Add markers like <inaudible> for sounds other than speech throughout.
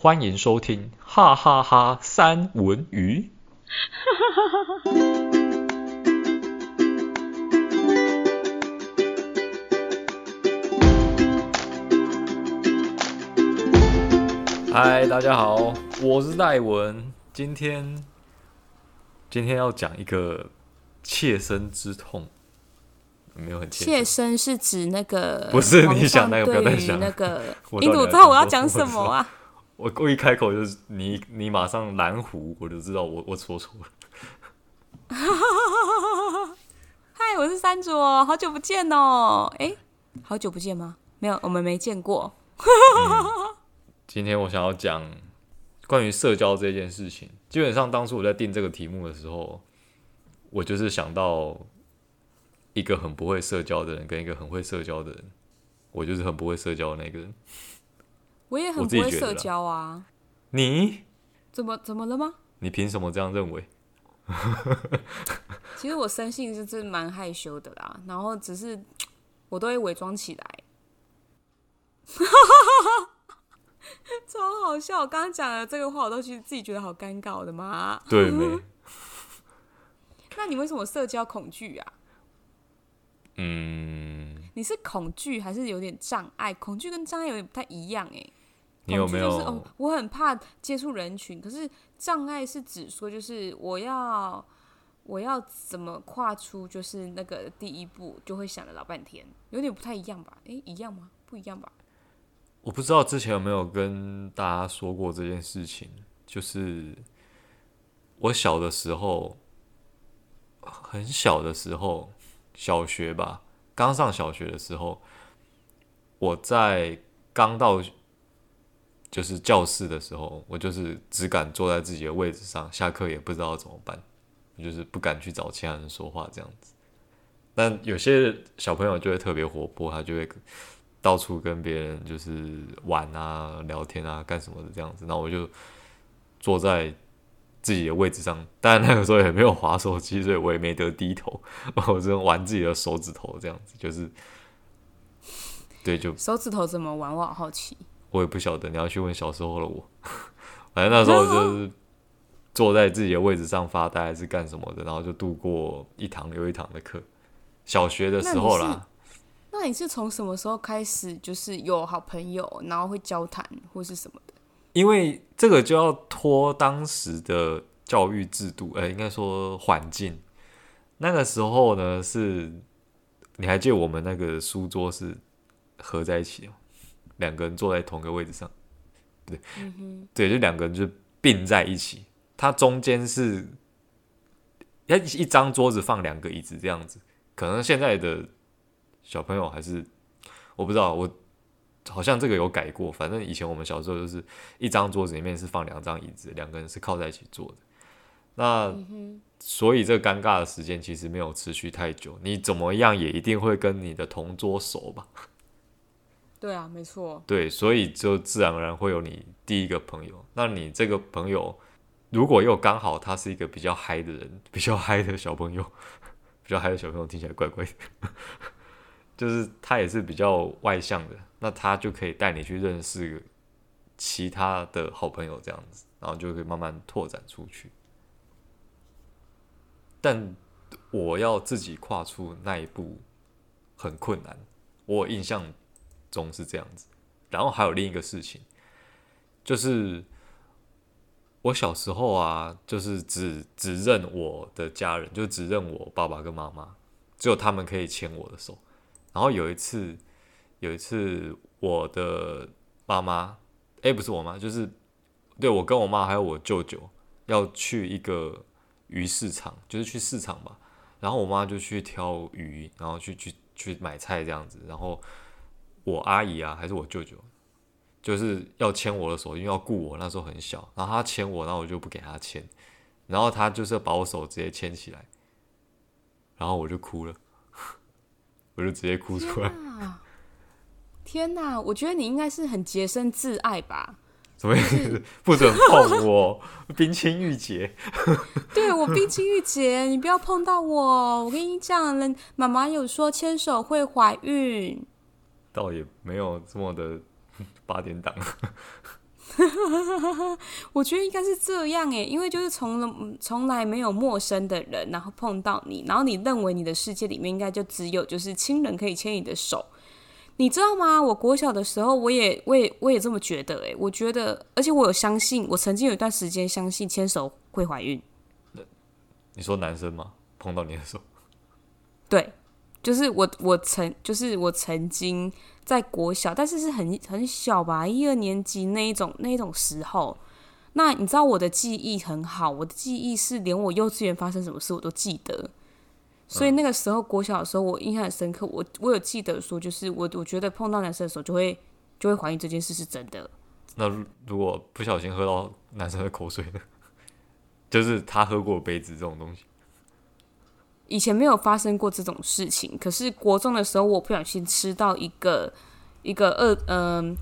歡迎收聽哈哈哈，哈三文魚。哈哈哈哈哈哈。嗨，大家好，我是戴文，今天今天要講一個切身之痛，沒有很切身，是指那個，那個不是你想那個不要在想那個，你都不知道我要講什麼啊。 <laughs> 我一開口就是你你馬上藍湖我就知道我我錯。錯了。嗨，我是姍卓，好久不見哦！哎，好久不見嗎？沒有，我們沒見過 <laughs> 、嗯。今天我想要講關於社交這件事情。基本上當初我在定這個題目的時候，我就是想到一個很不會社交的人跟一個很會社交的人，我就是很不會社交的那個人。我也很不會社交啊！你怎麼怎麼了嗎？你憑什麼這樣認為？ <laughs> 其實我生性是真的蠻害羞的啦，然後只是我都會偽裝起來。 <laughs> 超好笑！我剛剛講的這個話，我都其實自己覺得好尷尬的嘛？對沒美？ <laughs> 那你為什麼社交恐懼啊？嗯，你是恐懼還是有點障礙？恐懼跟障礙有點不太一樣哎、欸。你有沒有、就是哦？我很怕接觸人群。可是障礙是指說，就是我要我要怎麼跨出，就是那個第一步，就會想了老半天，有點不太一樣吧？哎、欸，一樣嗎？不一樣吧？我不知道之前有沒有跟大家說過這件事情，就是我小的時候，很小的時候，小學吧，剛上小學的時候，我在剛到。就是教室的時候，我就是只敢坐在自己的位置上，下課也不知道怎麼辦，就是不敢去找其他人說話這樣子。但有些小朋友就會特別活潑，他就會到處跟別人就是玩啊、聊天啊、幹什麼的這樣子。然後我就坐在自己的位置上，但那個時候也沒有滑手機，所以我也沒得低頭，我只能玩自己的手指頭這樣子。就是，對，就手指頭怎麼玩？我好好奇。我也不曉得，你要去問小時候的我。反正那時候就是坐在自己的位置上發呆，還是幹什麼的？然後就度過一堂又一堂的課。小學的時候啦。那你是從什麼時候開始，就是有好朋友，然後會交談或是什麼的？因為這個就要托當時的教育制度，呃、欸，應該說環境。那個時候呢是，是你還記得我們那個書桌是合在一起哦。兩個人坐在同一個位置上，對，嗯、哼對，就兩個人就併在一起，它中間是一一張桌子放兩個椅子這樣子。可能現在的小朋友還是我不知道，我好像這個有改過，反正以前我們小時候就是一張桌子裡面是放兩張椅子，兩個人是靠在一起坐的。那、嗯、哼所以這個尷尬的時間其實沒有持續太久，你怎麼樣也一定會跟你的同桌熟吧？對啊，沒錯。對，所以就自然而然會有你第一個朋友。那你這個朋友，如果又剛好他是一個比較嗨的人，比較嗨的小朋友，比較嗨的小朋友聽起來怪怪的，就是他也是比較外向的，那他就可以帶你去認識其他的好朋友，這樣子，然後就可以慢慢拓展出去。但我要自己跨出那一步很困難，我有印象。總是這樣子，然後還有另一個事情，就是我小時候啊，就是只只認我的家人，就只認我爸爸跟媽媽，只有他們可以牽我的手。然後有一次，有一次我的爸媽，哎、欸，不是我媽，就是對我跟我媽還有我舅舅要去一個魚市場，就是去市場吧。然後我媽就去挑魚，然後去去去買菜這樣子，然後。我阿姨啊，還是我舅舅，就是要牽我的手，因為要顧我。那時候很小，然後他牽我，然後我就不給他牽，然後他就是把我手直接牽起來，然後我就哭了，我就直接哭出來。天哪、啊啊！我覺得你應該是很潔身自愛吧？怎麼 <laughs> 不准碰我， <laughs> 冰清玉潔。 <laughs> 對我冰清玉潔，你不要碰到我。我跟你講，媽媽有說牽手會懷孕。倒也沒有這麼的八點檔， <laughs> 我覺得應該是這樣耶，因為就是從從來沒有陌生的人，然後碰到你，然後你認為你的世界裡面應該就只有就是親人可以牽你的手，你知道嗎？我國小的時候，我也，我也，我也這麼覺得耶，我覺得，而且我有相信，我曾經有一段時間相信牽手會懷孕。你說男生嗎？碰到你的手。對。就是我，我曾就是我曾經在國小，但是是很很小吧，一二年級那一種那一種時候。那你知道我的記憶很好，我的記憶是連我幼稚園發生什麼事我都記得。所以那個時候國小的時候，我印象很深刻。我我有記得說，就是我我覺得碰到男生的時候就，就會就會懷疑這件事是真的。那如果不小心喝到男生的口水呢？就是他喝過杯子這種東西。以前沒有發生過這種事情，可是國中的時候，我不小心吃到一個一個呃、嗯、呃、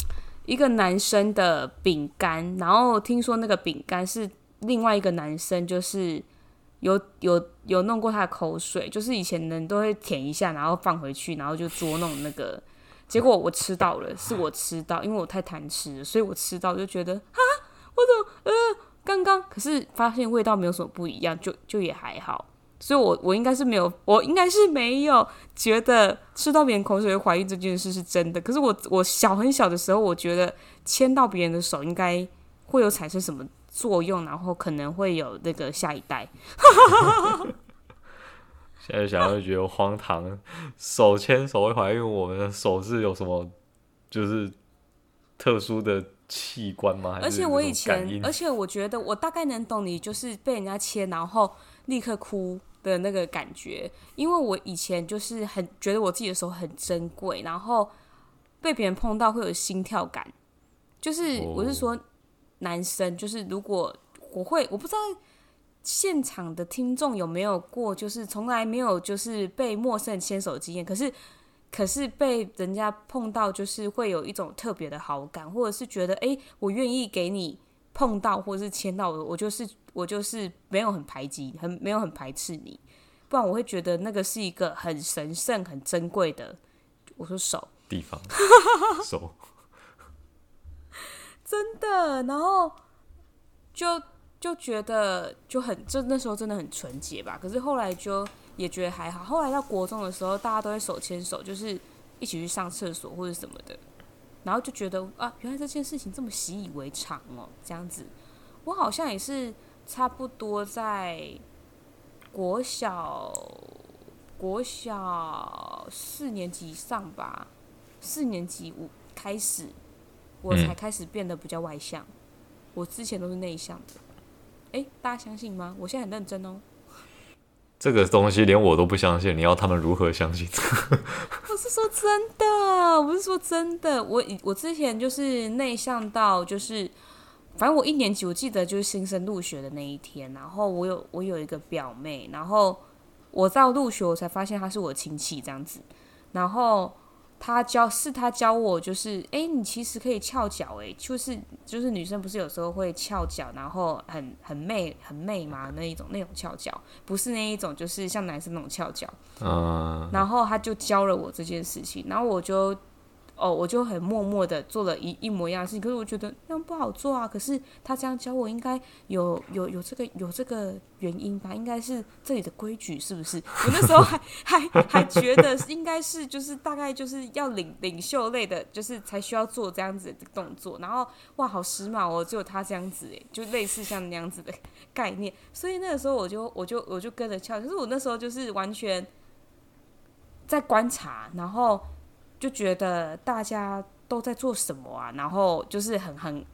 一個男生的餅乾，然後聽說那個餅乾是另外一個男生，就是有有有弄過他的口水，就是以前人都會舔一下，然後放回去，然後就捉弄那個。結果我吃到了，是我吃到，因為我太貪吃了，所以我吃到就覺得啊，我怎麼呃剛剛可是發現味道沒有什麼不一樣，就就也還好。所以我，我我應該是沒有，我應該是沒有覺得吃到別人口水會懷孕這件事是真的。可是我，我我小很小的時候，我覺得牽到別人的手應該會有產生什麼作用，然後可能會有那個下一代。 <laughs> <laughs> 現在想想覺得荒唐，手牽手會懷孕？我們的手是有什麼就是特殊的器官嗎？還是，而且我以前，而且我覺得我大概能懂你，就是被人家牽，然後。立刻哭的那個感覺，因為我以前就是很覺得我自己的手很珍貴，然後被別人碰到會有心跳感，就是我是說，男生就是如果我會，我不知道現場的聽眾有沒有過，就是從來沒有就是被陌生人牽手經驗，可是可是被人家碰到就是會有一種特別的好感，或者是覺得欸，我願意給你。碰到或者是牽到我，我就是我就是沒有很排擠，很沒有很排斥你，不然我會覺得那個是一個很神聖、很珍貴的。我說手地方手， <laughs> 真的，然後就就覺得就很，就那時候真的很純潔吧。可是後來就也覺得還好。後來到國中的時候，大家都會手牽手，就是一起去上廁所或者什麼的。然後就覺得啊，原來這件事情這麼習以為常哦，這樣子，我好像也是差不多在國小國小四年級上吧，四年級五開始，我才開始變得比較外向，我之前都是內向的，哎，大家相信嗎？我現在很認真哦。這個東西連我都不相信，你要他們如何相信？ <laughs> 我是說真的，我是說真的，我我之前就是內向到就是，反正我一年級我記得就是新生入學的那一天，然後我有我有一個表妹，然後我到入學我才發現她是我的親戚這樣子，然後。他教是他教我，就是哎、欸，你其實可以翹腳誒，就是就是女生不是有時候會翹腳，然後很很媚很媚嘛，那一種那種翹腳，不是那一種，就是像男生那種翹腳嗯，uh. 然後他就教了我這件事情，然後我就。哦，oh, 我就很默默的做了一一模一樣的事情，可是我覺得那樣不好做啊。可是他這樣教我應，應該有有有這個有這個原因吧？應該是這裡的規矩是不是？ <laughs> 我那時候還還還覺得應該是就是大概就是要領 <laughs> 領袖類的，就是才需要做這樣子的動作。然後哇，好時髦哦！只有他這樣子，誒，就類似像那樣子的概念。所以那個時候我就我就我就跟着跳，可是我那時候就是完全在觀察，然後。就覺得大家都在做什麼啊？然後就是很很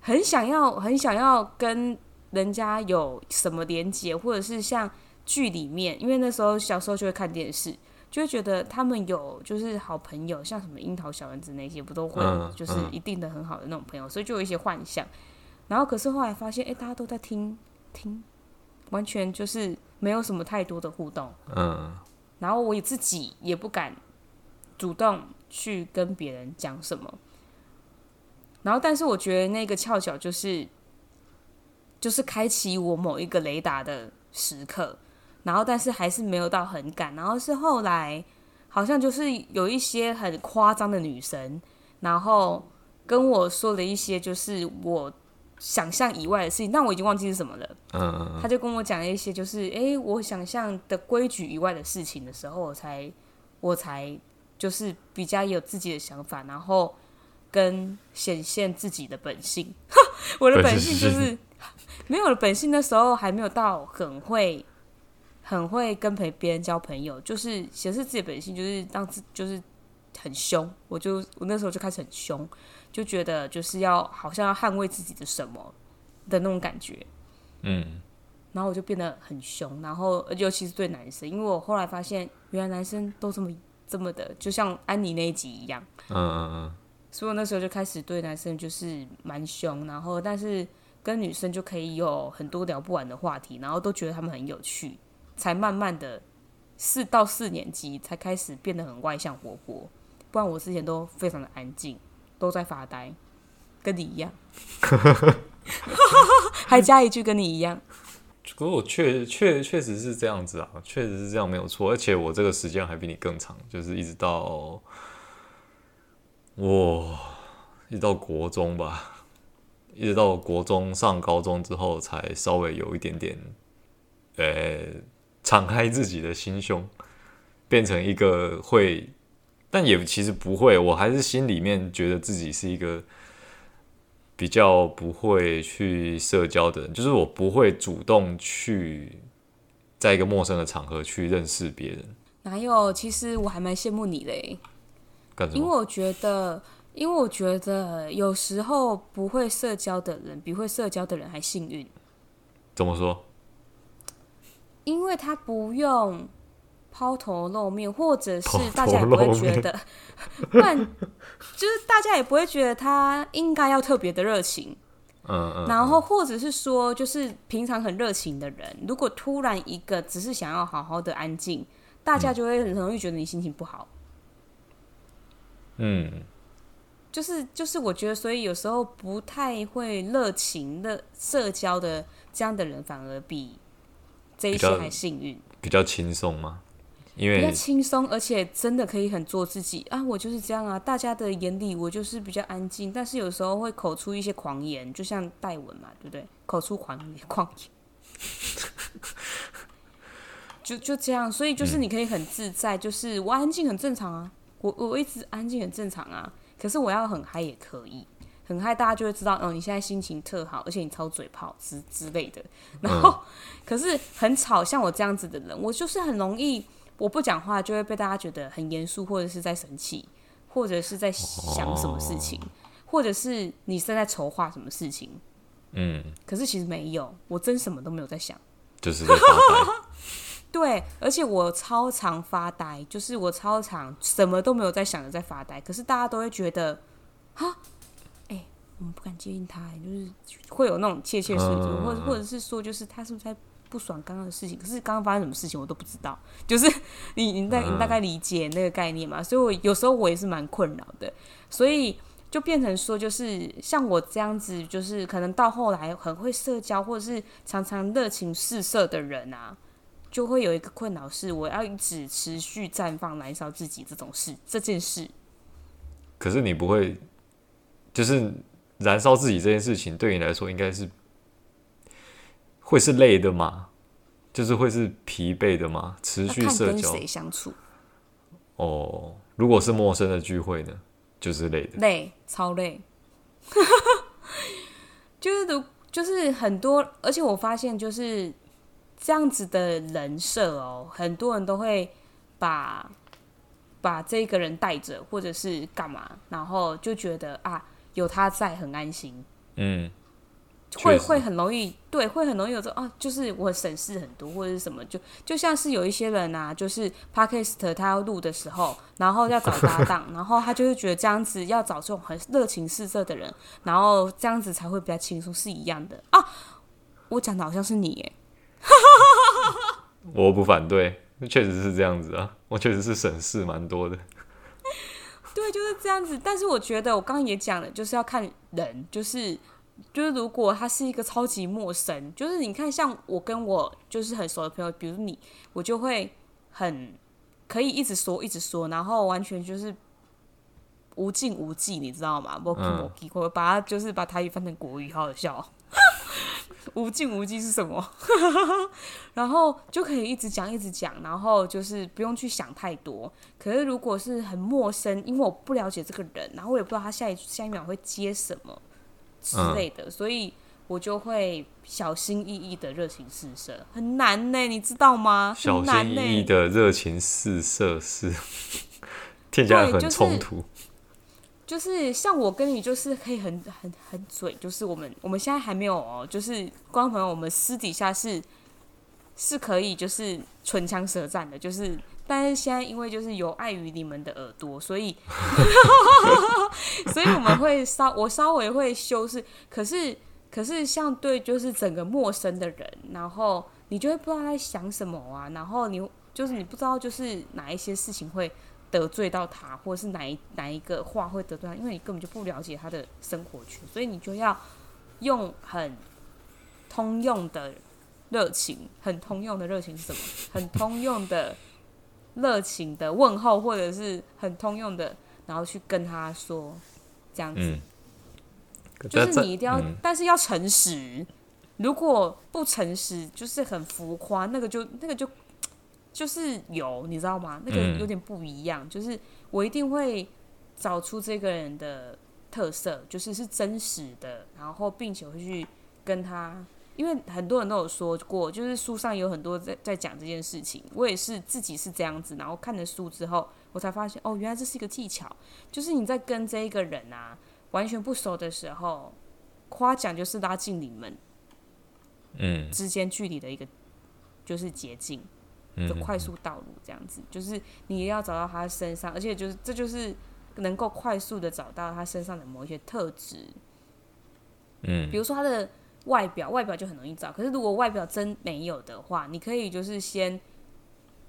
很想要，很想要跟人家有什麼連接，或者是像劇裡面，因為那時候小時候就會看電視，就會覺得他們有就是好朋友，像什麼櫻桃小丸子那些，不都會就是一定的很好的那種朋友，所以就有一些幻想。然後可是後來發現，哎、欸，大家都在聽聽，完全就是沒有什麼太多的互動。嗯，然後我也自己也不敢，主動去跟別人講什麼，然後但是我覺得那個翹腳就是就是開啟我某一個雷達的時刻，然後但是還是沒有到很感，然後是後來好像就是有一些很誇張的女神，然後跟我說了一些就是我想象以外的事情，但我已經忘記是什麼了。嗯，她就跟我講了一些就是哎、欸、我想象的規矩以外的事情的時候，我才我才。就是比較有自己的想法，然後跟顯現自己的本性。我的本性就是沒有了本性的時候，還沒有到很會很會跟陪別人交朋友，就是顯示自己的本性，就是讓自就是很兇。我就我那時候就開始很兇，就覺得就是要好像要捍衛自己的什麼的那種感覺。嗯，然後我就變得很兇，然後尤其是對男生，因為我後來發現原來男生都這麼。這麼的，就像安妮那一集一樣。嗯嗯嗯。所以我那時候就開始對男生就是蠻凶，然後但是跟女生就可以有很多聊不完的話題，然後都覺得他們很有趣，才慢慢的四到四年級才開始變得很外向活潑。不然我之前都非常的安靜，都在發呆，跟你一樣。 <laughs> <laughs> 還加一句跟你一樣。不過我確確確實是這樣子啊，確實是這樣沒有錯，而且我這個時間還比你更長，就是一直到，哇、哦，一直到國中吧，一直到國中上高中之後，才稍微有一點點，呃，敞開自己的心胸，變成一個會，但也其實不會，我還是心裡面覺得自己是一個。比較不會去社交的人，就是我不會主動去在一個陌生的場合去認識別人。哪有？其實我還蠻羨慕你嘞，因為我覺得，因為我覺得有時候不會社交的人比會社交的人還幸運。怎麼說？因為他不用。拋頭露面，或者是大家也不會覺得，投投 <laughs> 不然就是大家也不會覺得他應該要特別的熱情。嗯，嗯嗯，然後或者是說，就是平常很熱情的人，如果突然一個只是想要好好的安靜，大家就會很容易覺得你心情不好。嗯、就是，就是就是，我覺得所以有時候不太會熱情的社交的這樣的人，反而比這一些還幸運，比較輕鬆嗎？因為比較輕鬆，而且真的可以很做自己啊！我就是這樣啊。大家的眼裡我就是比較安靜，但是有時候會口出一些狂言，就像戴文嘛，對不對？口出狂言狂言， <laughs> 就就這樣。所以就是你可以很自在，就是我安靜很正常啊。我我一直安靜很正常啊。可是我要很嗨也可以，很嗨大家就會知道，嗯，你現在心情特好，而且你超嘴炮之之類的。然後、嗯、可是很吵，像我這樣子的人，我就是很容易。我不講話就會被大家覺得很嚴肅，或者是在生氣，或者是在想什麼事情，oh. 或者是你是在籌劃什麼事情。嗯，可是其實沒有，我真什麼都沒有在想，就是發呆。 <laughs> 對，而且我超常發呆，就是我超常什麼都沒有在想著，在發呆。可是大家都會覺得，哈，哎、欸，我們不敢接近他，就是會有那種竊竊私語，或、oh. 或者是說，就是他是不是在。不爽剛剛的事情，可是剛剛發生什麼事情我都不知道，就是你你大你大概理解那個概念嘛？嗯，所以我，我有時候我也是蠻困擾的，所以就變成說，就是像我這樣子，就是可能到後來很會社交，或者是常常熱情四射的人啊，就會有一個困擾是，我要一直持續綻放，燃燒自己這種事這件事。可是你不會，就是燃燒自己這件事情，對你來說應該是。會是累的嗎？就是會是疲憊的嗎？持續社交，誰相處？哦，oh, 如果是陌生的聚會呢，就是累的，累，超累， <laughs> 就是，就是很多，而且我發現，就是這樣子的人設哦，很多人都會把把這個人帶着，或者是幹嘛，然後就覺得啊，有他在，很安心，嗯。會實會很容易，對，會很容易有說啊，就是我省事很多或者是什麼，就就像是有一些人啊，就是 Podcast 他要錄的時候，然後要找搭檔， <laughs> 然後他就是覺得這樣子要找這種很熱情四射的人，然後這樣子才會比較輕鬆，是一樣的啊。我講的好像是你，耶， <laughs> 我不反對，確實是這樣子啊，我確實是省事蠻多的，對，就是這樣子。但是我覺得我剛剛也講了，就是要看人，就是。就是如果他是一個超級陌生，就是你看像我跟我就是很熟的朋友，比如你，我就會很可以一直說一直說，然後完全就是無盡無際，你知道嗎？我我、嗯、我把它就是把台語翻成國語，好好笑， <laughs> 無盡無際是什麼？ <laughs> 然後就可以一直講一直講，然後就是不用去想太多。可是如果是很陌生，因為我不了解這個人，然後我也不知道他下一下一秒會接什麼。之類的，所以我就會小心翼翼的，熱情四射，很難呢，你知道嗎？很難呢，小心翼翼的，熱情四射是聽起來 <laughs> 很衝突，就是，就是像我跟你，就是可以很很很嘴，就是我們我們現在還沒有哦、喔，就是觀眾朋友，我們私底下是是可以就是唇槍舌戰的，就是。但是現在，因為就是有礙於你們的耳朵，所以， <laughs> <laughs> 所以我們會稍我稍微會修飾。可是，可是，像對就是整個陌生的人，然後你就會不知道他在想什麼啊，然後你就是你不知道就是哪一些事情會得罪到他，或者是哪一哪一個話會得罪他，因為你根本就不了解他的生活圈，所以你就要用很通用的熱情，很通用的熱情是什麼？很通用的。熱情的問候，或者是很通用的，然後去跟他說這樣子，嗯、就是你一定要，嗯、但是要誠實。如果不誠實，就是很浮誇，那個就那個就就是有，你知道嗎？那個有點不一樣。嗯、就是我一定會找出這個人的特色，就是是真實的，然後並且我會去跟他。因為很多人都有說過，就是書上有很多在在講這件事情。我也是自己是這樣子，然後看了書之後，我才發現哦，原來這是一個技巧。就是你在跟這一個人啊完全不熟的時候，誇獎就是拉近你們嗯之間距離的一個就是捷徑就快速道路。這樣子，嗯、就是你要找到他身上，而且就是這就是能夠快速的找到他身上的某一些特質。嗯，比如說他的。外表，外表就很容易找。可是如果外表真沒有的話，你可以就是先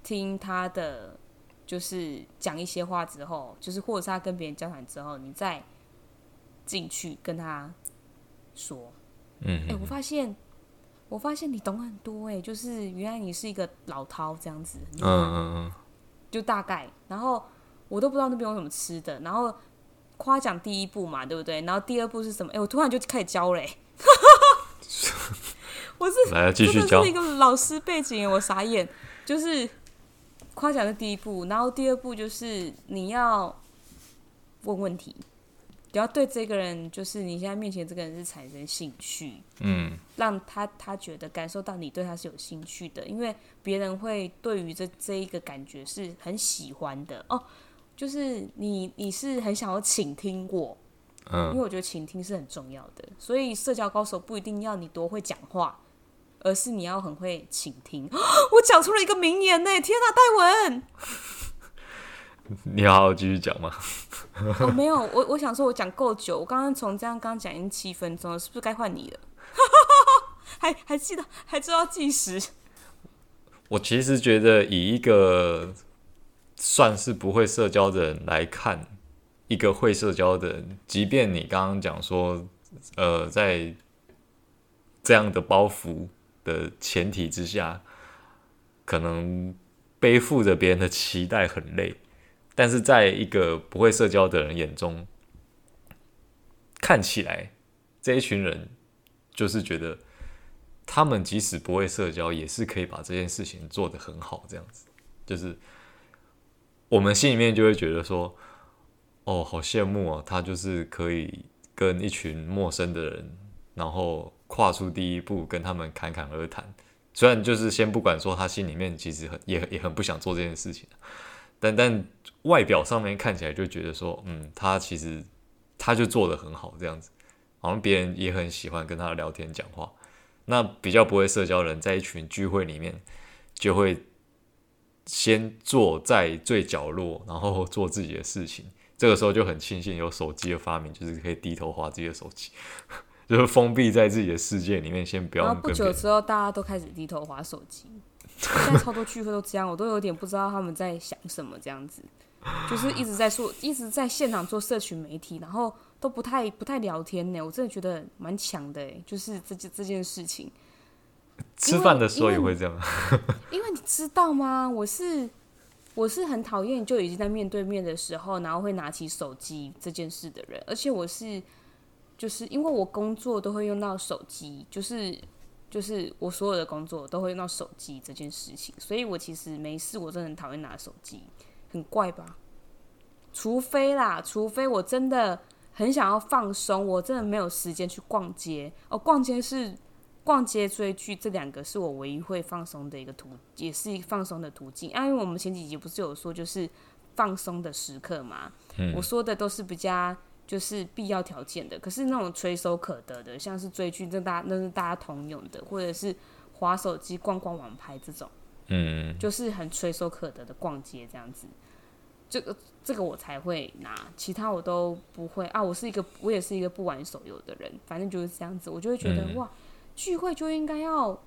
聽他的，就是講一些話之後，就是或者是他跟別人交談之後，你再進去跟他說。嗯哼哼。欸、我發現，我發現你懂很多哎、欸，就是原來你是一個老饕這樣子。嗯嗯嗯。就大概，然後我都不知道那邊有什麼吃的，然後誇獎第一步嘛，對不對？然後第二步是什麼？哎、欸，我突然就開始教嘞、欸。 <laughs> <laughs> 我是我來繼續教是不是說一個老師背景，我傻眼。就是誇獎的第一步，然後第二步就是你要問問題，你要對這個人，就是你現在面前這個人是產生興趣，嗯，讓他他覺得感受到你對他是有興趣的，因為別人會對於這這一個感覺是很喜歡的哦。就是你你是很想要傾聽我。嗯，因為我覺得傾聽是很重要的，所以社交高手不一定要你多會講話，而是你要很會傾聽。哦，我講出了一個名言呢！天哪、啊，戴文，你好好繼續講嗎？我、 <laughs> 哦、沒有，我我想說，我講夠久，我剛剛從這樣剛講已經七分鐘了，是不是該換你了？ <laughs> 還還記得，還知道計時。我其實覺得，以一個算是不會社交的人來看。一個會社交的人，即便你剛剛講說，呃，在這樣的包袱的前提之下，可能背負着別人的期待很累，但是在一個不會社交的人眼中，看起來這一群人就是覺得，他們即使不會社交，也是可以把這件事情做得很好，這樣子，就是我們心裡面就會覺得說。哦，好羨慕啊！他就是可以跟一群陌生的人，然後跨出第一步，跟他們侃侃而談。雖然就是先不管說他心裡面其實很也也很不想做這件事情，但但外表上面看起來就覺得說，嗯，他其實他就做得很好，這樣子，好像別人也很喜歡跟他聊天講話。那比較不會社交的人在一群聚會裡面，就會先坐在最角落，然後做自己的事情。這個時候就很慶幸有手機的發明，就是可以低頭滑自己的手機，就是封閉在自己的世界裡面，先不要。不久之後，大家都開始低頭滑手機。現在超多聚會都這樣，我都有點不知道他們在想什麼。這樣子，就是一直在說，一直在現場做社群媒體，然後都不太不太聊天呢。我真的覺得蠻強的，就是這件這件事情。吃飯的時候也會這樣，因因。因為你知道嗎？我是。我是很討厭就已經在面對面的時候，然後會拿起手機這件事的人，而且我是，就是因為我工作都會用到手機，就是就是我所有的工作都會用到手機這件事情，所以我其實沒事，我真的很討厭拿手機，很怪吧？除非啦，除非我真的很想要放鬆，我真的沒有時間去逛街哦，逛街是。逛街追劇這兩個是我唯一會放鬆的一個途，也是一個放鬆的途徑。啊，因為我們前幾集不是有說，就是放鬆的時刻嘛？嗯，我說的都是比較就是必要條件的，可是那種垂手可得的，像是追劇，那大，那是大家通用的，或者是滑手機、逛逛網拍這種，嗯，就是很垂手可得的逛街這樣子。這個這個我才會拿，其他我都不會啊。我是一個，我也是一個不玩手遊的人，反正就是這樣子，我就會覺得哇。嗯聚會就應該要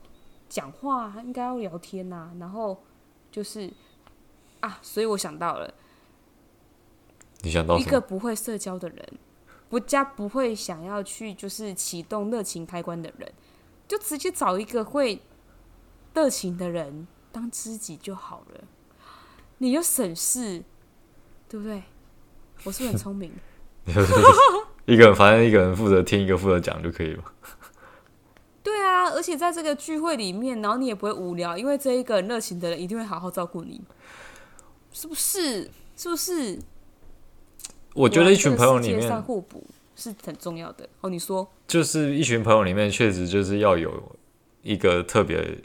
講話，應該要聊天吶、啊。然後就是啊，所以我想到了，你想到一個不會社交的人，不加不會想要去就是啟動熱情開關的人，就直接找一個會熱情的人當知己就好了。你又省事，對不對？我是不是很聰明？ <laughs> <laughs> <laughs> 一個人反正一個人負責聽，一個負責講就可以了。而且在這個聚會裡面，然後你也不會無聊，因為這一個熱情的人一定會好好照顧你，是不是？是不是？我覺得一群朋友裡面互補是很重要的。哦，你說，就是一群朋友裡面，確實就是要有一個特別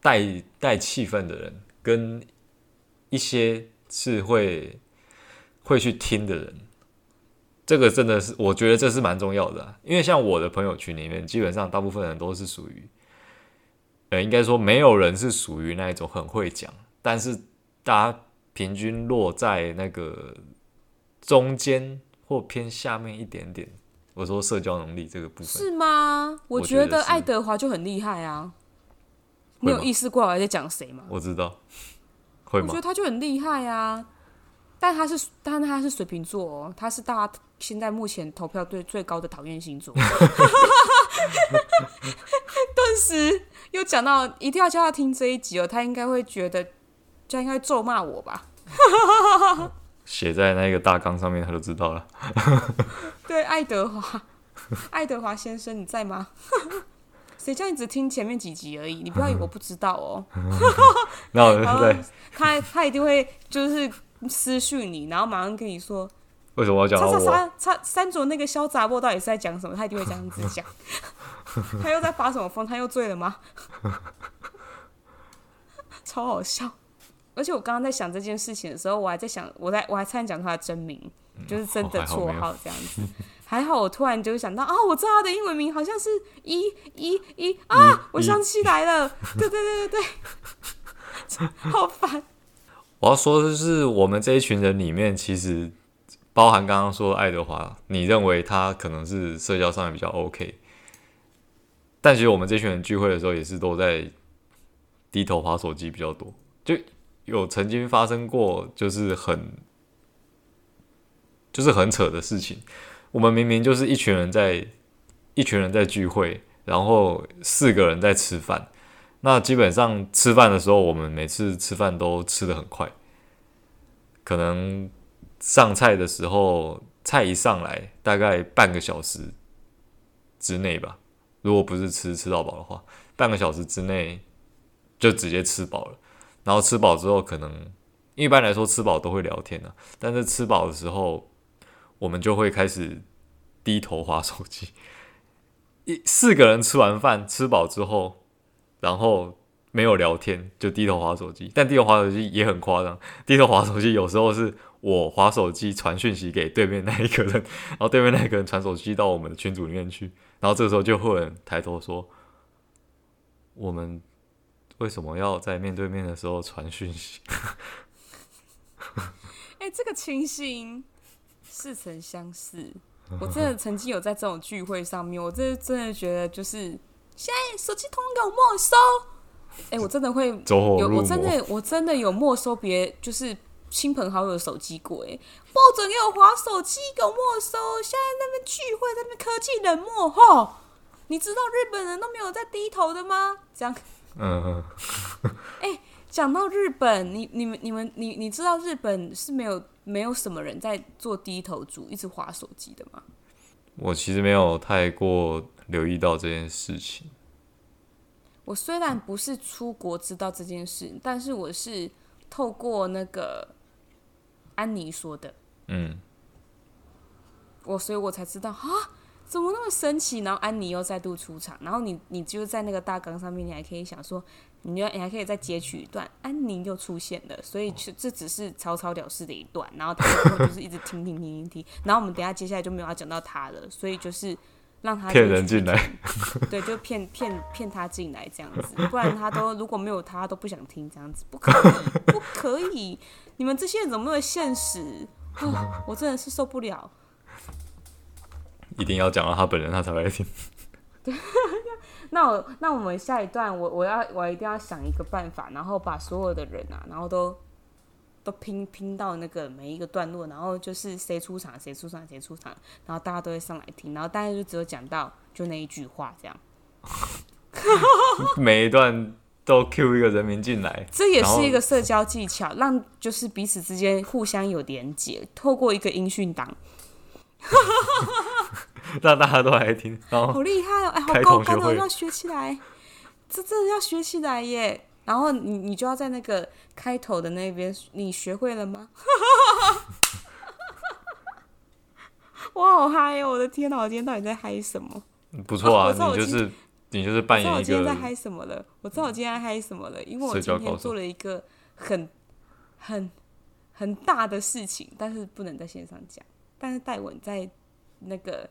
帶帶氣氛的人，跟一些是會會去聽的人。這個真的是，我覺得這是蠻重要的，啊，因為像我的朋友群裡面，基本上大部分人都是屬於，呃，應該說沒有人是屬於那一種很會講，但是大家平均落在那個中間或偏下面一點點。我說社交能力這個部分是嗎？我覺得愛德華就很厲害啊！你有意思過來我還在講誰嗎？我知道，會嗎？我覺得他就很厲害啊！但他是，但他是水瓶座，哦，他是大。現在目前投票對最高的討厭星座，頓 <laughs> <laughs> 時又講到一定要叫他聽這一集哦、喔，他應該會覺得，就應該咒罵我吧？寫在那個大綱上面，他就知道了。 <laughs> 對，愛德華，愛德華先生，你在嗎？誰 <laughs> 叫你只聽前面幾集而已？你不要以為我不知道哦、喔。 <laughs> <laughs> 那我就不對、欸？他他一定會就是私訊你，然後馬上跟你說。為什麼要講他他姍，他姍卓那個瀟灑博到底是在講什麼？他一定會這樣子講。 <laughs> 他又在發什麼瘋？他又醉了嗎？ <laughs> 超好笑！而且我剛剛在想這件事情的時候，我還在想，我在我還差點講他的真名，就是真的綽號這樣子。哦、還，好 <laughs> 還好我突然就想到，啊，我知道他的英文名，好像是一一一啊，我想起來了，對 <laughs> 對對對對， <laughs> 好煩煩！我要說的、就是，我們這一群人裡面，其實。包含剛剛說愛德華，你認為他可能是社交上也比較 OK，但其實我們這群人聚會的時候也是都在低頭划手機比較多，就有曾經發生過就是很就是很扯的事情。我們明明就是一群人在一群人在聚會，然後四個人在吃飯，那基本上吃飯的時候我們每次吃飯都吃得很快，可能。上菜的時候，菜一上來，大概半個小時之內吧，如果不是吃吃到飽的話，半個小時之內就直接吃飽了。然後吃飽之後，可能一般來說吃飽都會聊天吶、啊，但是吃飽的時候，我們就會開始低頭滑手機。一四個人吃完飯吃飽之後，然後沒有聊天，就低頭滑手機。但低頭滑手機也很誇張，低頭滑手機有時候是。我滑手機傳訊息給對面那一個人，然後對面那一個人傳手機到我們的群組裡面去，然後這個時候就會有人抬頭說：“我們為什麼要在面對面的時候傳訊息？”哎、 <laughs> 欸，這個情形似曾相識。我真的曾經有在這種聚會上面，我真的真的覺得就是現在手機通通給我沒收。哎、欸，我真的會有，我，我真的我真的有沒收別就是。親朋好友手機鬼，不准給我滑手機，給我沒收！現在，在那邊聚會，在那邊科技冷漠，你知道日本人都沒有在低頭的嗎？這樣嗯、 <laughs> 欸，哎，講到日本，你、你們、你們、你，你知道日本是沒有沒有什麼人在做低頭族，一直滑手機的嗎？我其實沒有太過留意到這件事情。我雖然不是出國知道這件事，嗯、但是我是透過那個。安妮說的，嗯，我、oh, 所以，我才知道啊，怎麼那麼神奇？然後安妮又再度出場，然後你你就在那個大綱上面，你還可以想說，你你還可以再截取一段，安妮又出現了，所以這這只是草草了事的一段，然後他最 <laughs> 後就是一直聽聽聽聽聽，然後我們等下接下來就沒有要講到他了，所以就是。讓他騙人進來，對，就騙騙騙他進來這樣子，不然他都如果沒有他，他都不想聽這樣子。不可以，不可以，你們這些人怎麼那麼現實？我真的是受不了。一定要講到他本人，他才會聽。 <laughs> 那我那我們下一段，我我要我一定要想一個辦法，然後把所有的人啊，然後都。都拼拼到那個每一個段落，然後就是誰出場誰出場誰出，出場，然後大家都會上來聽，然後大家就只有講到就那一句話這樣。 <laughs> 每一段都 Q 一個人名進來，這也是一個社交技巧，後讓就是彼此之間互相有連結，透過一個音訊檔，讓 <laughs> <laughs> 大家都來聽。 <laughs> 好厲害哦，哎、欸，好高分哦，剛剛要學起來，這真的要學起來耶。然後你你就要在那個開頭的那邊，你學會了嗎？ <laughs> <laughs> 我好嗨呀、欸！我的天哪、啊，我今天到底在嗨什麼？不錯啊，哦、你就是你就是扮演一個我知道我今天在嗨什麼了，我知道我今天在嗨什麼了，嗯、因為我今天做了一個很很很大的事情，但是不能在線上講，但是帶我在那個。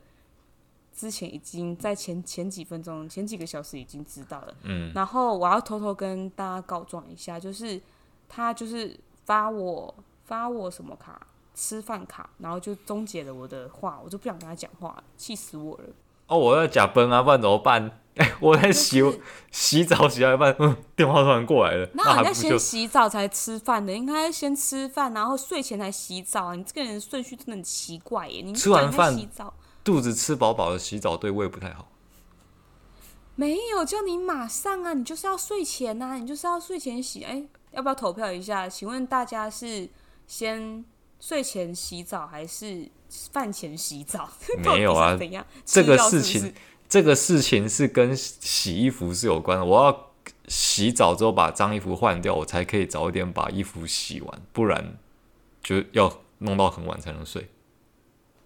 之前已經在前前幾分鐘，前幾個小時已經知道了。嗯，然後我要偷偷跟大家告狀一下，就是他就是發我發我什麼卡吃飯卡，然後就終結了我的話，我就不想跟他講話，氣死我了。哦，我要假崩啊，不然怎麼辦？哎、欸，我在洗我、就是、洗澡洗到一半，嗯，電話突然過來了。那你應該先洗澡才吃飯的，應該先吃飯，然後睡前才洗澡，啊。你這個人順序真的很奇怪耶！你吃完飯洗澡。肚子吃飽飽的洗澡對胃不太好。沒有叫你馬上啊，你就是要睡前啊。你就是要睡前洗。哎，要不要投票一下？請問大家是先睡前洗澡還是飯前洗澡？沒有啊，怎樣？這個事情，這個事情是跟洗衣服是有關的。我要洗澡之後把髒衣服換掉，我才可以早點把衣服洗完，不然就要弄到很晚才能睡。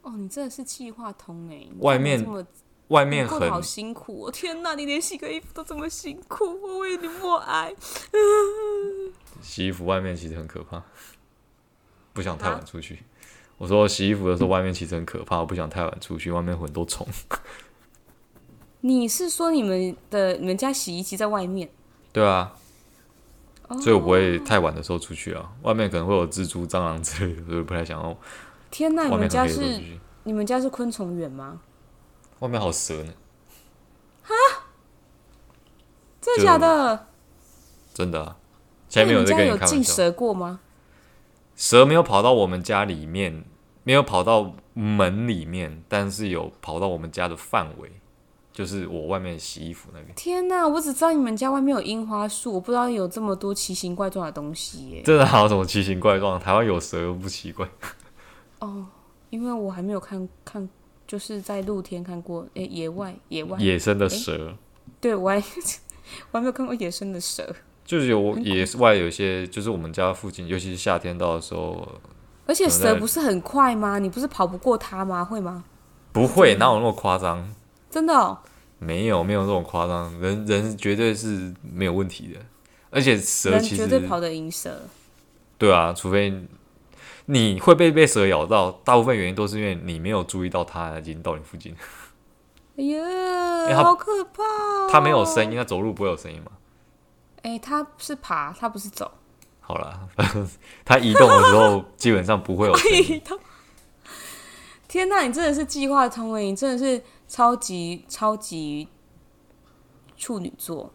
哦，你真的是氣化通誒、欸。外面，外面很辛苦，喔，天吶，你連洗個衣服都這麼辛苦，我為你默哀。 <laughs> 洗衣服外面其實很可怕，不想太晚出去。啊，我說我洗衣服的時候，外面其實很可怕，我不想太晚出去，外面很多蟲。你是說你們的你們家洗衣機在外面？對啊，所以我不會太晚的時候出去啊，哦，外面可能會有蜘蛛、蟑螂之類的，所以不太想要。天吶，你們家是你們家是昆蟲園嗎？外面好蛇呢！哈，就真的假的？真的、啊，前面沒有在有進蛇過嗎？蛇沒有跑到我們家裡面，沒有跑到門裡面，但是有跑到我們家的範圍，就是我外面洗衣服那邊。天吶，我只知道你們家外面有櫻花樹，我不知道有這麼多奇形怪狀的東西耶！真的還有什麼奇形怪狀？台灣有蛇又不奇怪。哦，因為我還沒有看看，就是在露天看過，誒、欸，野外野外野生的蛇，欸、對我還 <laughs> 我還沒有看過野生的蛇，就是有野外有些，就是我們家附近，尤其是夏天到的時候，而且蛇不是很快嗎？你不是跑不過它嗎？會嗎？不會，哪有那麼誇張？真的、哦？沒有，沒有那麼誇張，人人絕對是沒有問題的，而且蛇絕對跑得贏蛇，對啊，除非。你會被被蛇咬到，大部分原因都是因為你沒有注意到它已經到你附近。哎呀，欸、他好可怕！它沒有聲音，它走路不會有聲音嗎？哎、欸，它是爬，它不是走。好了，它移動的時候基本上不會有聲音 <laughs> <laughs> 天哪、啊，你真的是計劃成為，你真的是超級超級處女座。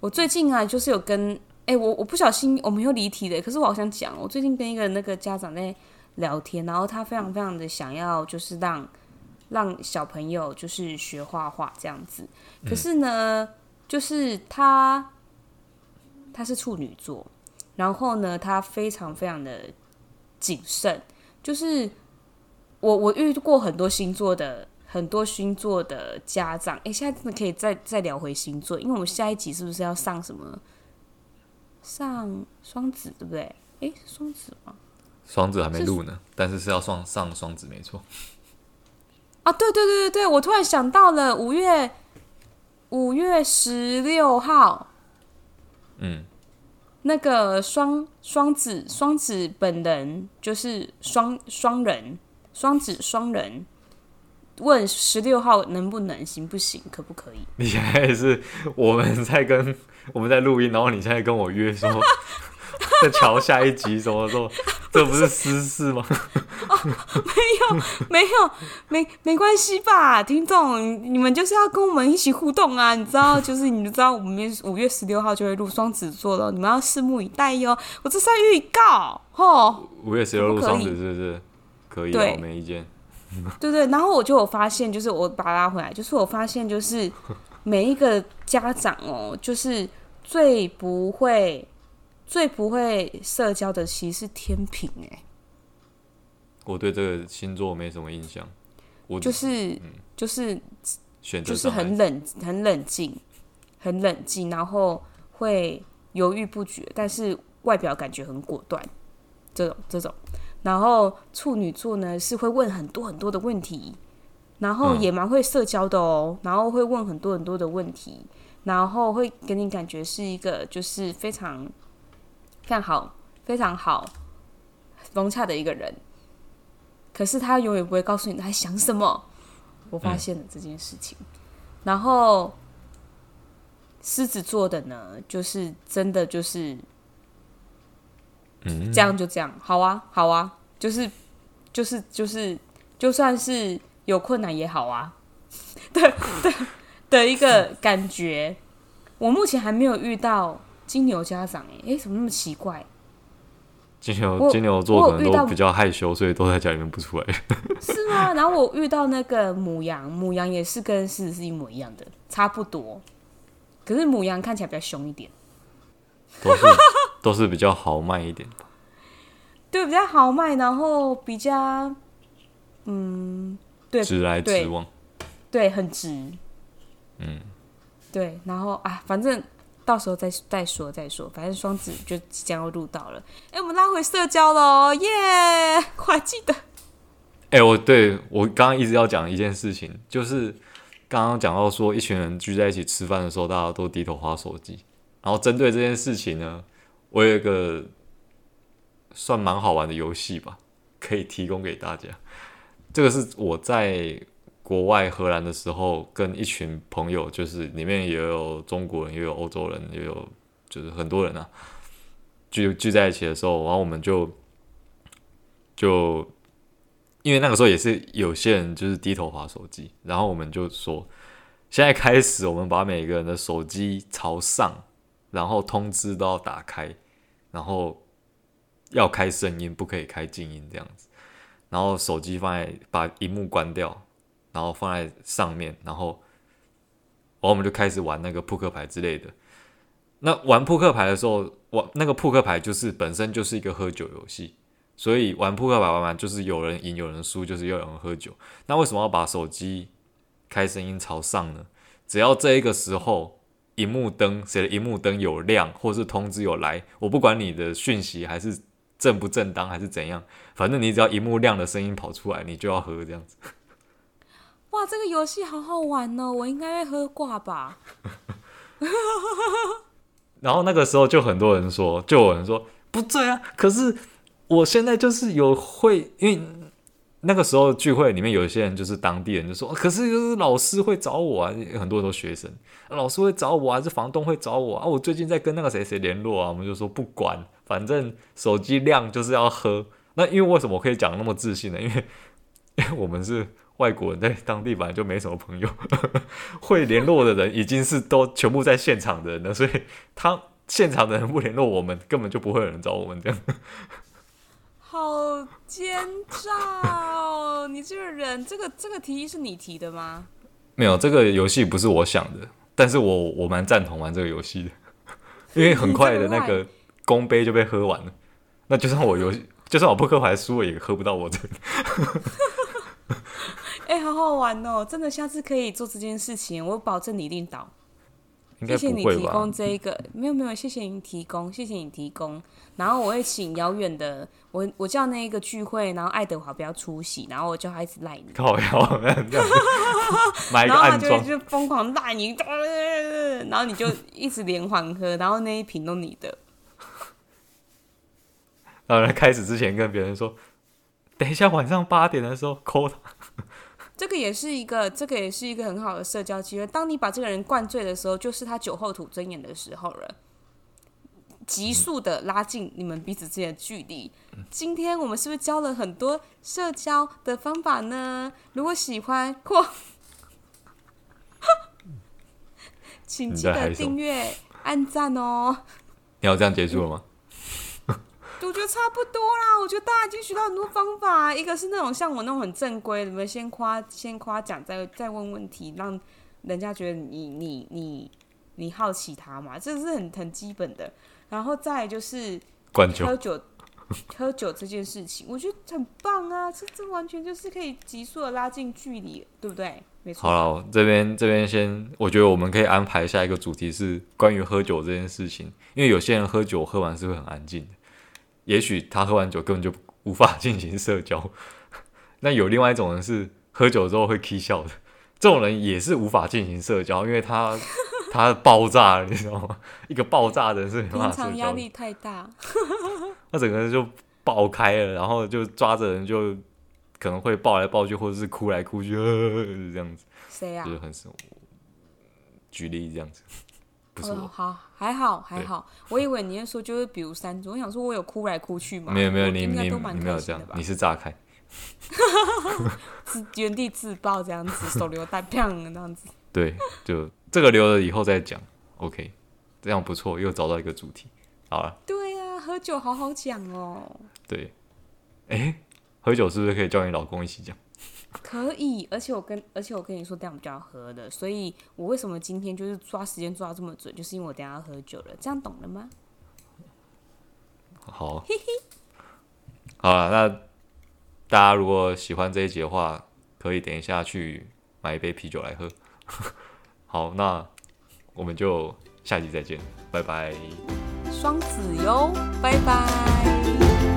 我最近啊，就是有跟。哎、欸，我我不小心我沒有離題的，可是我好想講，我最近跟一個那個家長在聊天，然後他非常非常的想要，就是讓讓小朋友就是學畫畫這樣子。可是呢，嗯、就是他他是處女座，然後呢，他非常非常的謹慎。就是我我遇過很多星座的很多星座的家長，哎、欸，現在真的可以再再聊回星座，因為我們下一集是不是要上什麼？上雙子對不對？哎，雙子嗎？雙子還沒錄呢，是但是，是要上上雙子沒錯。啊，對對對對對，我突然想到了五月五月十六號，嗯，那個雙雙子雙子本人就是雙雙人雙子雙人，問十六號能不能行不行可不可以？你現在是我們在跟。我們在錄音，然後你現在跟我約說 <laughs> <laughs> 在喬下一集什麼什麼， <laughs> 不是這不是私事嗎、 <laughs> 哦？沒有，沒有，沒沒關係吧，聽眾，你們就是要跟我們一起互動啊，你知道，就是你們知道我們五月十六號就會錄雙子座了，你們要拭目以待喲、哦，我這是預告哦。五月十六號錄雙子是不是？對可以、啊，對，沒意見。 <laughs> 對,對對，然後我就有發現，就是我把他拉回來，就是我發現就是。每一個家長哦，就是最不會、最不會社交的其實是天平哎。我對這個星座沒什麼印象。我就是，嗯，就是選擇，就是很冷、很冷靜、很冷靜，然後會猶豫不決，但是外表感覺很果斷，這種這種。然後處女座呢，是會問很多很多的問題。然後也蠻會社交的哦，嗯、然後會問很多很多的問題，然後會給你感覺是一個就是非常非常好、非常好融洽的一個人。可是他永遠不會告訴你他想什麼，我發現了這件事情。嗯、然後獅子座的呢，就是真的就是，嗯，這樣就這樣，好啊，好啊，就是就是就是就算是。有困難也好啊，對對的一個感覺，我目前還沒有遇到金牛家長哎、欸，哎、欸，怎麼那麼奇怪？金牛金牛座我可能都比較害羞，所以都在家裡面不出來。是嗎？然後我遇到那個牡羊，牡羊也是跟獅子是一模一樣的，差不多。可是牡羊看起來比較凶一點，都是都是比較豪邁一點。 <laughs> 對，比較豪邁，然後比較嗯。對，直來直往。對，對，很直。嗯，對，然後啊，反正到時候再再說再說，反正雙子就即將要入道了。哎、欸，我們拉回社交嘍，耶！快記得。哎、欸，我對我剛剛一直要講一件事情，就是剛剛講到說一群人聚在一起吃飯的時候，大家都低頭滑手機。然後針對這件事情呢，我有一個算蠻好玩的遊戲吧，可以提供給大家。這個是我在國外荷蘭的時候，跟一群朋友，就是裡面也有中國人，也有歐洲人，也有就是很多人啊，聚聚在一起的時候，然後我們就就因為那個時候也是有些人就是低頭滑手機，然後我們就說，現在開始，我們把每個人的手機朝上，然後通知都要打開，然後要開聲音，不可以開靜音這樣子。然後手機放在把熒幕關掉，然後放在上面，然後、哦，我們就開始玩那個撲克牌之類的。那玩撲克牌的時候，玩那個撲克牌就是本身就是一個喝酒遊戲，所以玩撲克牌玩完就是有人贏有人輸，就是又有人喝酒。那為什麼要把手機開聲音朝上呢？只要這一個時候，熒幕燈誰的熒幕燈有亮，或是通知有來，我不管你的訊息還是。正不正當還是怎樣？反正你只要熒幕亮的聲音跑出來，你就要喝這樣子。哇，這個遊戲好好玩哦！我應該會喝掛吧。 <laughs> <laughs> 然後那個時候就很多人說，就有人說不對啊。可是我現在就是有會，因為。那個時候聚會裡面有一些人，就是當地人就說，可是就是老師會找我啊，很多人都學生，老師會找我還、啊、是房東會找我啊？啊我最近在跟那個誰誰聯絡啊？我們就說不管，反正手機亮就是要喝。那因為為什麼我可以講那麼自信呢？因為因為我們是外國人，在當地本來就沒什麼朋友， <laughs> 會聯絡的人已經是都全部在現場的人了，所以他現場的人不聯絡我們，根本就不會有人找我們這樣。好奸詐哦！你這個人，這個這個提議是你提的嗎？沒有，這個遊戲不是我想的，但是我我蠻贊同玩這個遊戲的，因為很快的那個公杯，就被喝完了，那就算我遊戲就算我撲克牌輸了也喝不到我這裡。哎，好好玩哦！真的，下次可以做這件事情，我保證你一定倒。謝謝你提供這一個，沒有沒有，謝謝你提供，謝謝你提供。然後我會請遙遠的，我我叫那一個聚會，然後愛德華不要出席，然後我就開始賴你。靠，要這樣， <laughs> 然後他就就瘋狂賴你，然後你就一直連環喝，然後那一瓶都你的。 <laughs> 然後在開始之前跟別人說，等一下晚上八點的時候 call 他。 <laughs> 這個也是一個，這個也是一個很好的社交機會。當你把這個人灌醉的時候，就是他酒後吐真言的時候了，急速的拉近你們彼此之間的距離。嗯、今天我們是不是教了很多社交的方法呢？如果喜歡或，嗯、請記得訂閱、按讚哦。你要這樣結束了嗎？嗯我覺得差不多啦，我覺得大家已經學到很多方法啊。一個是那種像我那種很正規，你們先誇先誇獎，再再問問題，讓人家覺得你你你你好奇他嘛，這是很很基本的。然後再就是灌酒喝酒喝酒這件事情，我覺得很棒啊！這這完全就是可以急速的拉近距離，對不對？沒錯。好了，這邊這邊先，我覺得我們可以安排下一個主題是關於喝酒這件事情，因為有些人喝酒喝完是會很安靜的。也許他喝完酒根本就無法進行社交。那有另外一種人是喝酒之後會 K 笑的，這種人也是無法進行社交，因為他他爆炸了，你知道嗎？一個爆炸的人是平常壓力太大， <laughs> 他整個人就爆開了，然後就抓着人就可能會抱來抱去，或者是哭來哭去呵呵呵這樣子。誰呀、啊？就很熟。舉例這樣子，不是我。哦哦好。還好還好，還好對，我以為你要說就是比如三種，我想說我有哭來哭去嘛？沒有沒有，應該都蠻的，你你沒有這樣吧？你是炸開， <laughs> <laughs> 是原地自爆這樣子，手榴彈 <laughs> 這樣子。對，就這個留了以後再講。OK，這樣不錯，又找到一個主題。好了，對啊，喝酒好好講哦、喔。對，哎、欸，喝酒是不是可以叫你老公一起講？可以，而且我跟而且我跟你說，等下我們要喝的，所以我為什麼今天就是抓時間抓這麼準，就是因為我等下要喝酒了，這樣懂了嗎？好，嘿嘿，好了，那大家如果喜歡這一集的話，可以等一下去買一杯啤酒來喝。 <laughs> 好，那我們就下集再見，拜拜。雙子喲，拜拜。